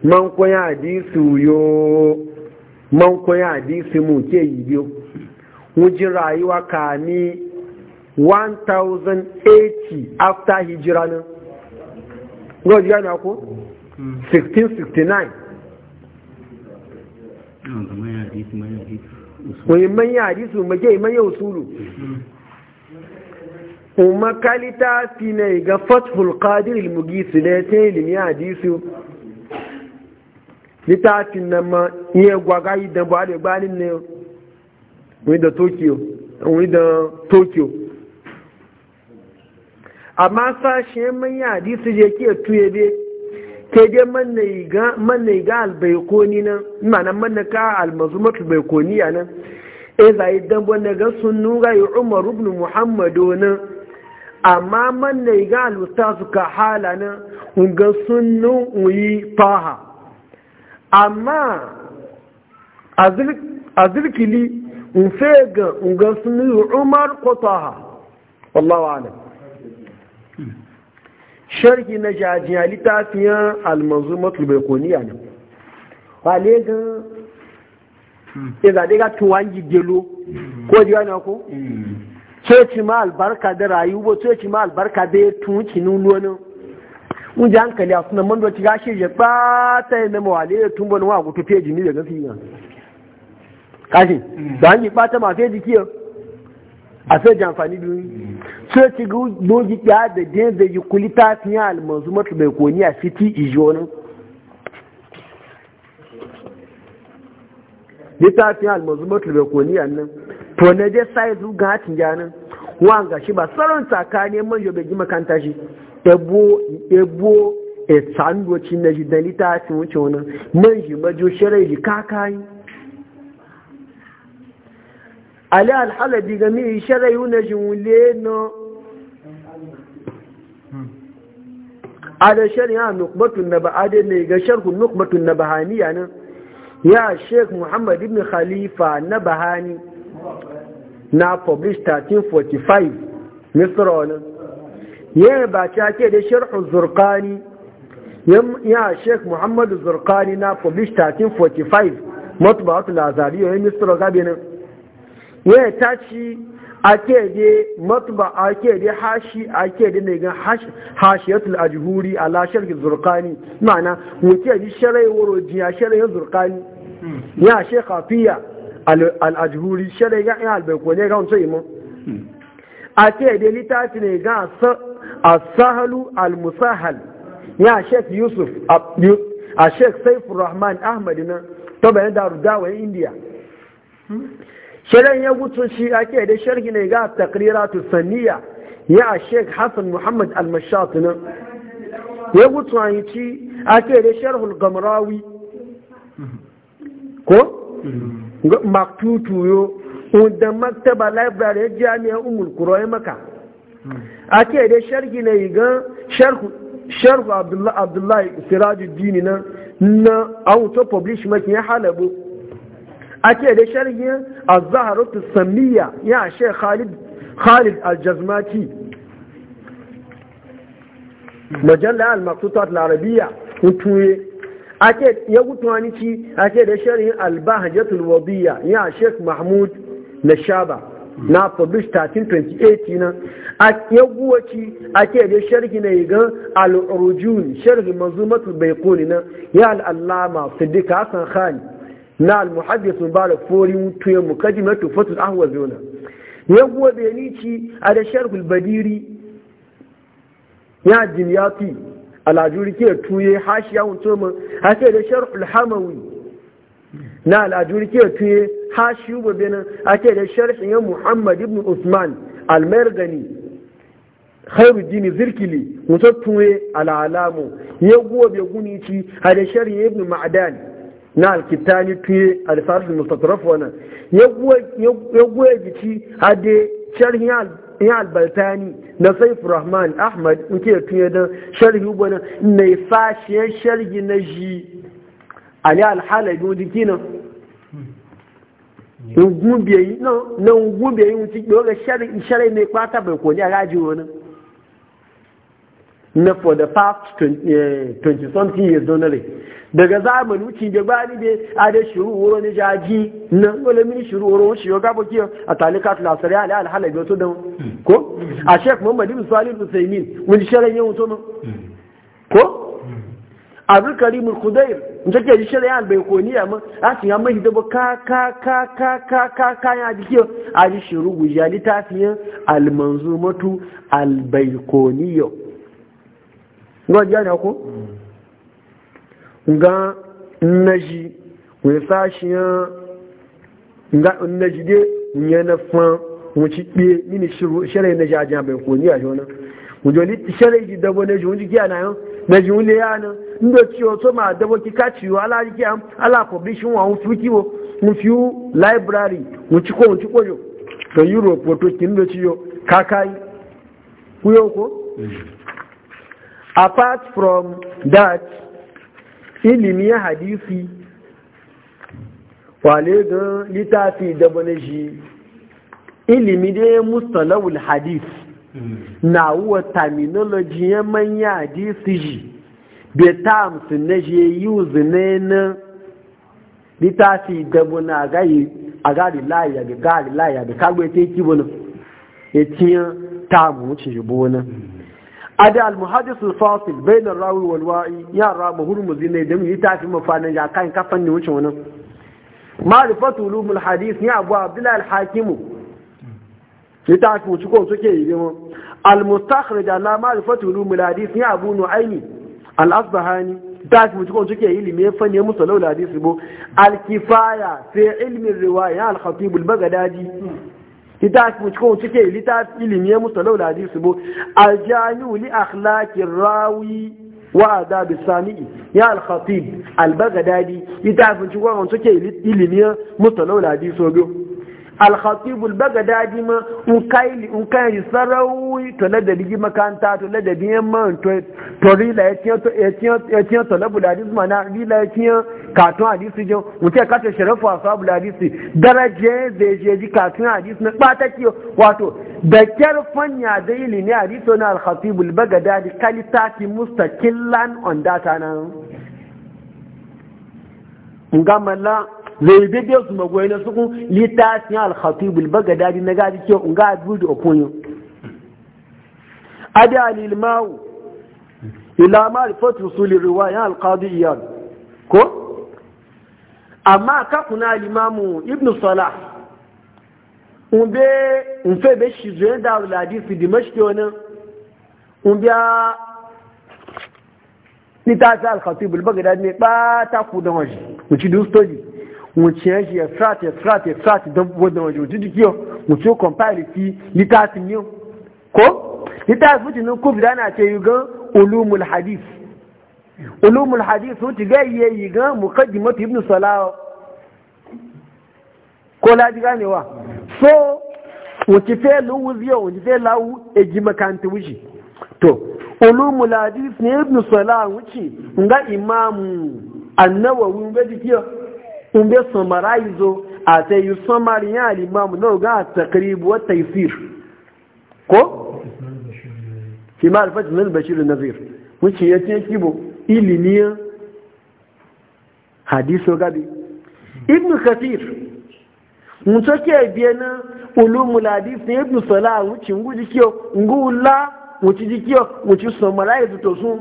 man kwaya hadisi hadisi mu ke yi biyo wujin rayuwa kani 1080 after hijira nan. wai manya hadisu mage manya usulu kuma kalita fi ne ga fathul qadir al-mughis da ta ilimi hadisu Littafin nan ma iya gwaga idan ba da gbanin ne wani da tokyo wani da tokyo amma sashen manya hadisu je ke tuye dai kai dai manna ga albaikoni nan mana manna ka almazumatu baikoniya nan e yi dan wanda ga sunnu ga umar ibn muhammadu nan amma manna ga su ka hala nan un ga sunnu uyi faha amma azilkili un fe ga un ga sunnu umar kwata ha wallawa alam sharhi na jajiya littafiyan almanzu matulubai koniya ne wale gan izade ga tuwangi gelo ko jiya na ko coci ma albarka da rayuwa coci ma albarka da ya tunci nulonin wunji hankali a suna mando ci gashi ya bata yana mawale ya tumbo na wa gutu fiye jini da gafi yan kashi mm. da hangi bata ma fiye jikiyar a sai ji amfani biyu sai e ci dogi ya da den da yi kuli ta fiye almanzu mata bai koni a fiti ijonin yi ta fiye almanzu mata bai koni a nan to na je sai e zu ga hatin janin wanga shi ba tsaron tsakanin manjo bai ji makanta shi ebo ebo e tsandoci e na ji da ni ta fiye wuce wani manji majo shirai ji kakayi ali alhalabi ga mi shara yi wuna jinwule na a da shari'a nukbatun na ba'ade ne ga sharku nukbatun na bahaniya nan ya sheik muhammad ibn khalifa na bahani na publish 1345 misra wani ya ba ci ake da sharhun zurkani ya sheik muhammad zurkani na publish 1345 mutu ba wata lazari yayin misra gabi nan ta tashi ake da matuba ake da hashi ake da mai gan ya hashiyatul a lashar sharhi zurkani ma'ana wuce ji sharai ji a sharai zurkani hmm. ya shekha kafiya al ajhuri sharai ga ya albaiko hmm. ne ga wancan imam A da litafi ne ga sahalu al musahal ya shekh yusuf a shekh saifur rahman ahmad na to bayan daru dawayen indiya hmm. shirin ya gutu shi ake da sharhi ne ga takriratu saniya ya sheik hassan muhammad al ya gutu an ci ake da shirhul gamrawi ko maktutuyo da maktaba library ya jami'a umar kuroi maka ake da sharhi ne ga sharhu abdullahi dini na auto publish makin ya halabu ake da sharhin azharatu zahratu samiyya ya sheikh Khalid Khalid aljazmati majalla almaqtutat maqtutat al ake ya gutuwani ci ake da sharhin al-bahjatul ya sheikh Mahmud Nashaba na publish 1328 na. a yaguwaci ake da sharhi na yigan al-urujun sharhi manzumatul baiquni na, ya al-allama Siddiq Hassan Khani na al-muhaddith mubarak forin tuye mukaddimatu fatul ahwazi wannan ya guwa ni ci a da sharhul badiri ya jinyati alajuri ke tuye hashiya hunto mun ce da sharhul hamawi na alajuri ke tuye hashiyu babe nan ce da sharhin ya muhammad ibn usman almergani khairu khairuddin zirkili mutattuwe al-alamu ya guwa guni ci a da sharhin ibn ma'dan na alkitani tuye alfarsu mustatraf wannan ya goya jiki hade sharhin albaltani na saifu rahman ahmad nke tuye don sharhi wannan mai fashiyar sharhi na shi ali alhalabi wajen kina hmm. na gubiyayi wuce ɗora sharhi mai kwata bai koli a raji wani na for the past 20 eh, something years donare daga zamani wuce da gbani be a da shiru wuro ne jaji na wala mini shiru wuro shi yoga bo kiyo a talikat lasari ala al halabi da dan ko a sheikh muhammad ibn salih al usaymin mun sharan yau to mun ko abdul karim al khudair mun take ji bai koni ya mun a shi amma hidda ba ka ka ka ka ka ka ka ya ji kiyo a ji shiru gujali tafiyan al manzumatu al baykoniya Nga jẹ́ ọ̀nà kú ga nnaji wọ́n sáṣiyàn ga nnaji dé wùnyẹ́ na fan wọ́n ci pé nínú ṣẹlẹ̀ nnaji na? bẹ̀ kò ní àjọ dabo nnaji wọ́n jù kí àná yán nnaji wọ́n lè yá náà ndó tí o dabo kí káàkiri aláàríkí aláàpọ̀bíṣin wọn fi kí wọ́n fi láìbírárì wọ́n ci kó wọ́n ci kó yọ da europe wato kin da ciyo ko mm. apart from that ilimi ya hadisi wale ga littafi da bane shi ilimi da ya mustalawul hadisi hmm. na wuwa terminology ya manya hadisi ji be terms na shi ya use ne na littafi da bane a gari laya da gari laya da kagbe ta yi ya tiyan tamu wuce shi bonin hmm. أدى المحادث الفاصل بين الراوي والواعي يا رامه المزين يدم يتعف مفانا يا كان كفني وشونا معرفة علوم الحديث يا أبو عبد الله الحاكم يتعف وشكو وشكي المستخرج على معرفة علوم الحديث يا أبو نعيم الأصبحاني تعف وشكو وشكي إلمي فن يمس الأول الحديث بو الكفاية في علم الرواية الخطيب البغدادي لذلك متكون شكي لذلك اللي مية مستلو لهذه السبوة الجانو لأخلاك الراوي وآداب السامي يا الخطيب البغدادي لذلك متكون شكي اللي مية مستلو لهذه السبوة alhatibul baga daji ma in kai yi sarawi to na da bigi makanta to na da biyan man to rila ya ciyan to na buladis ma na ya ciyan katon hadisi jin wuce katon sharafu a sabu hadisi daraje zai je ji katon hadisi na ɓata kiyo wato da kyar fanya hadisi kalitati on data nan. Ngamala zai bi biyu su magoyi na suku littafin al-khatib al-baghdadi na gadi ke unga abu da opunyo adi al-ilmau ila ma'rifat usul riwaya al-qadi iyad ko amma ka kuna al-imamu ibn salah umbe umfe be shi zuwa da al-hadith fi dimashq wona umbiya littafin al-khatib al-baghdadi ne ba ta ku da waje ku ci du study wuce shi ya frat ya frat ya frat don wadda waje wuce duk yau wuce compile fi littafin yau ko littafin mutane ko da na ce yi ga ulumul hadis ulumul hadis wuce ga yi yi gan mukaddimatu ibn salawa ko laji ganewa so wuce fe luwuz yau wuce fe lawu e ji makanta wuce to ulumul hadis ne ibn salawa wuce nga imamu annawawi bai jikiyar in bai summarize zo a sai yi samari ya limamu na ga takribu wa taifir ko shi ma alfajin nan bashir nazir wuce ya ce kibo ilimiya hadiso gabi ibn kathir mutu ke biye na ulumul hadis ne ibn salah wuce ngu jikiyo ngu la wuce jikiyo wuce summarize to sun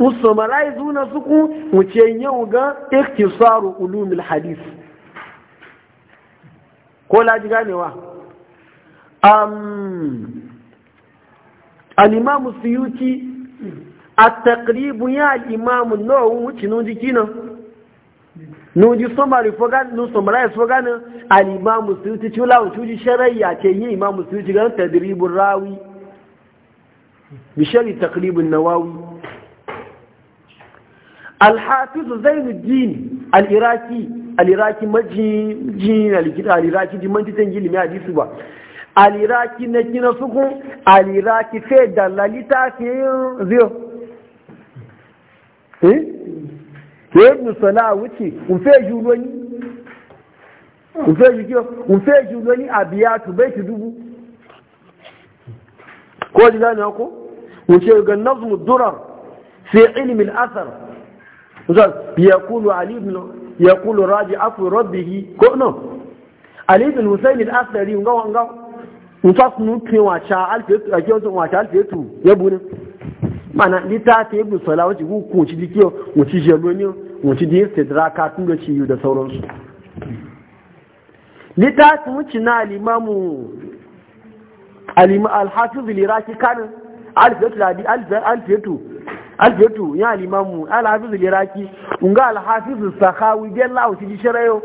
usumaraizu na suku wuce yau ga iktisaru ulumil hadis ko laji ganewa um, al-imamu suyuti at-taqribu ya al-imamu nawawi wuce nun jiki nan nun ji summary fo gan nun summarize fo gan al-imamu suyuti chula wuce yi imamu nawawi alhafizu zainuddin al-iraki al-iraki majin al-iraki jimantitan ilimi hadisi ba al-iraki na kina suku al-iraki fe dalalita fiye ziyo eh ibn sala wuce kun fe juloni kun fe jukiyo dubu ko ji gane ko kun ce ga durar fi ilmi asar. يقول علي بن يقول راجي عفو ربه كونو علي بن حسين الأثري نغو نغو نتصنو كيوا شاء ألف أجوز وشاء ألف يتو يبون mana littafi ibn sala wace ku ci dikiyo mu ci jeloni mu ci diye sidraka tun da ciyu da sauransu littafi mu ci na alimamu alim al-hafiz al alfiyatu aljatu ya limamu alhafizu liraki unga alhafizu sahawi den Allah wuci shirayo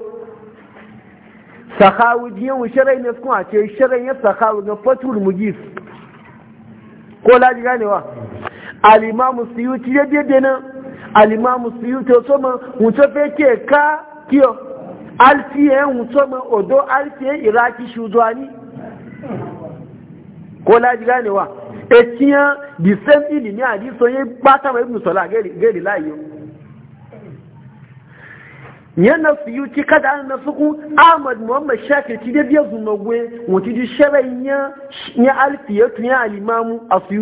sahawi bi yan shirai ne kuma ce shirai ya sahawi na fatul mujiz ko laji ganewa alimamu suyuti ya dede nan alimamu suyuti o soma wuce feke ka kiyo alfiye wuce ma odo alfiye iraki shudwani ko laji ganewa etiyan the same ilimi àdíso yẹ gbátàwà ibùn sọ́lá gẹ́rì láàyè yẹn na fi yíò tí kádà án na sukun ahmad muhammad shakir ti dé bí ẹzùn magwé wọn ti di ṣẹlẹ yẹn alimamu a fi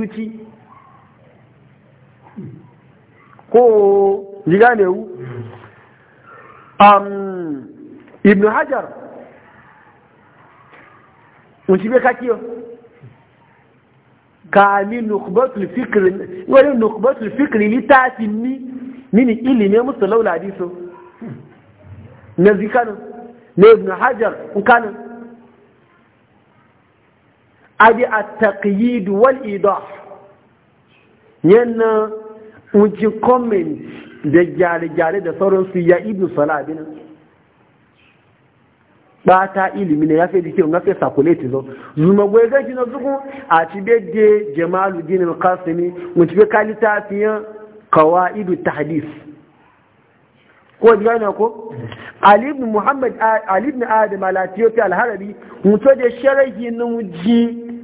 jíga ibn hajar wọn ti bẹ kákíyọ kami nukbatul fikri wani nukbatul fikri littafin ni mini ilimin musu laula diso na zikanin na ibn hajar nkanin adi a taqyid wal yana uji comment da gyare-gyare da sauransu ya ibn salabinin bata ilimi ne ya fi jikin na fi sakuleti zo zuma gwai gaji na zuku a ci bege jamalu dinin kasimi wacce bai kali ta fiye kawaidu ta hadis ko ji gane ko alibin muhammad alibin adam alatiyofi alharabi mutu da sharahi na ji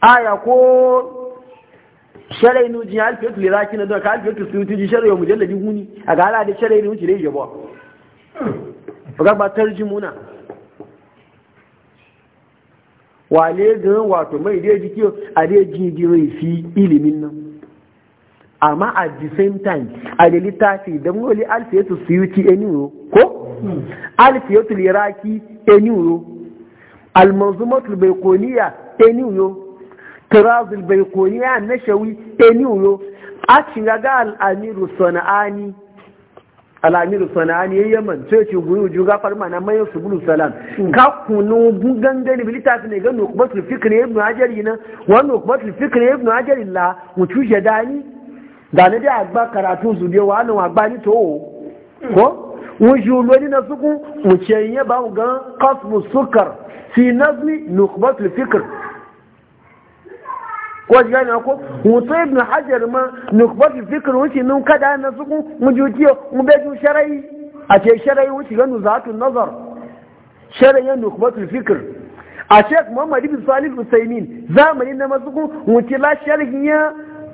aya ko sharahi na wuji alfiyatu liraki na don ka alfiyatu su yi tuji sharahi wa mujallabi huni a ga ala da sharahi na ji ne yabo gabatar jimuna wale ganin wato mai dai jiki a dai jigi mai fi ilimin nan amma at the same time a da littafi don wani alfiyatu suyuti eniyo ko alfiyatu liraki eniyo almanzumatul baikoniya eniyo tirazul baikoniya nashawi eniyo a cin ga al'amiru sana'ani alamiru sanani ya yaman sai ce guri uju gafar mana mayan su bulu salam ka kunu bugan gani bilita su ne ga nukubatul fikri ibn hajar yi nan wani nukubatul fikri ibn ajari la, mutu ya dani da na dai agba karatu su biyo wa nan agba ni to ko mun shi na suku mu ce yi ba mu ga kasbu sukar fi nazmi nukubatul fikir. ko ji gane ko mutu ibn hajar ma nukbatu fikir wuce nun kada na suku mu jutiyo mu bai jin sharai a ce sharai wuce ganu tun nazar sharai ya nukbatu fikir a sheikh muhammad ibn salih usaimin zamanin na mazuku wuce la sharhi ya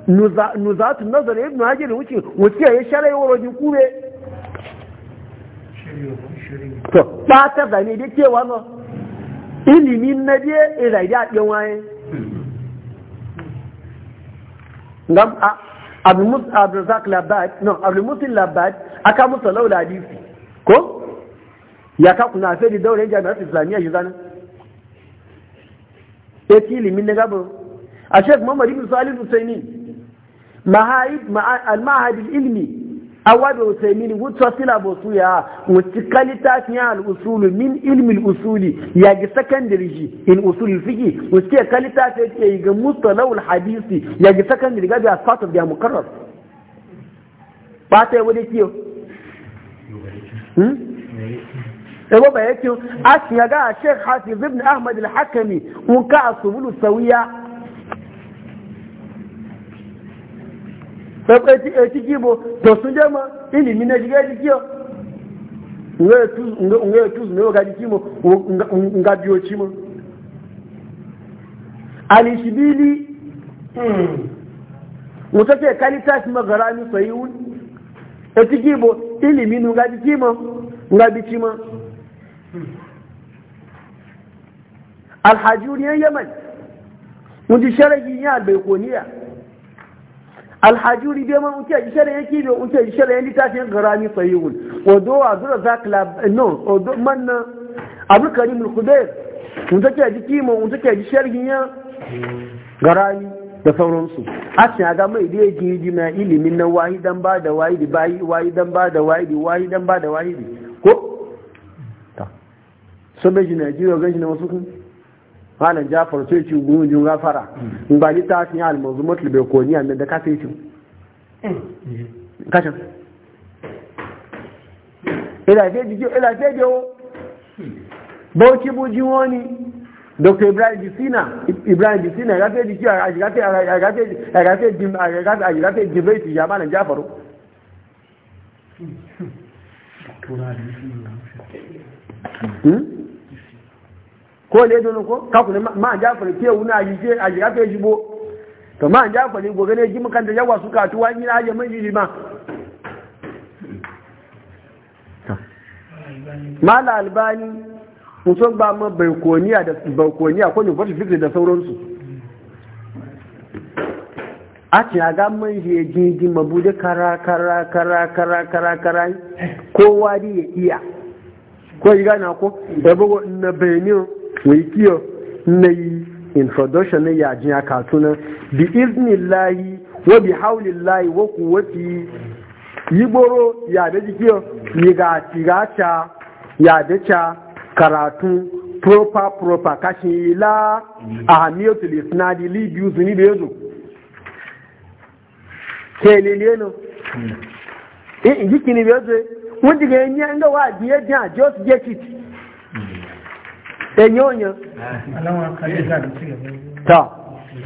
nuzatu nazar ibn hajar wuce wuce ya sharai wa rojin kure to ba ta zane da cewa no ilimin na je irai da ɗin waye ngam a abdulrazak labad no abdulmusin labad aka musa laula hadisi ko ya ka kuna fe da daure jami'ar islamiyya yi zanen ya ci ilimin na gaba a shek muhammad bin salih husaini al-mahadi ilmi Awabe awadu usaimini sila syllabus ya wuce kalita ya al-usul min ilmi al-usul ya ji secondary ji in usul fiqi wuce kalita ta ce ga mustalahu al-hadisi ya ji secondary ga as part of their muqarrar ba ta wani kiyo ba yake a ga Sheikh Hafiz ibn Ahmad al-Hakami un ka asubul sawiya pẹpẹ ti kíbo eh, tọ̀sún jẹ́ mọ́ ilì mi náà jígẹ́ jíkí ọ ǹgẹ́ ètùsù ní hmm, ọ̀gá jíkí mọ́ ǹgá bí o chí alìṣìbílì mùsọ́kẹ́ kálítà mọ́ gara ní sọ iwu ẹtí kíbo ilì mi ní ǹgá bí chí mọ́ alhajjúriyar yamani mo ti ṣẹ́rẹ́ yìí ní àgbẹ̀kò níyà alhajuri bai man uke ji shari'a yake bai uke ji shari'a ni tashin garami sahihun odo azura zakla no odo manna abu karim al-khudair mun take ji kima mun take ya da sauransu a cikin mai da yake ji ilimin na wahidan ba da wahidi bayi wahidan ba da wahidi wahidan ba da wahidi ko ta ji Najeriya ganin wasu kuma hana jafar sai ci gudun gafara in ba ni ta fiye almazu mutu bai koni a da ka sai ci kashin ilafe jiyo bauchi buji wani dr ibrahim bisina ibrahim bisina ya gafe jiki a gafe jibai ti jama na jafaru Hmm? ko ne don ko ka ku ma jafa ke wuna yi ke a jira ke jibo to ma ne gobe ne ji mukan da yawa suka wani na aje mun ji ma mala albani so ba ma baikoniya da baikoniya ko university fikri da sauransu a ce a gaman ya gidi bude kara kara kara kara kara kara kowa ne ya iya ko yi gana ko da bugu na benin wai kiyo na yi introduction na yajin ya katuna bi iznillahi wa bi haulillahi wa kuwati yigboro gboro ya da jikiyo yi ga tigacha ya da cha karatu proper proper kashin ila ahamiyatul isnadi li biyu zuni da yazo ke lele no eh jikini bi yazo wanda ga yanya nga wa biye jan just get it yanyoyin ta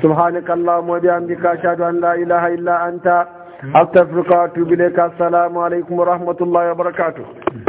subhanaka allahumma bihamdika ashhadu an la ilaha illa anta hmm. astaghfiruka wa atubu ilayka assalamu alaikum wa rahmatullahi wa barakatuh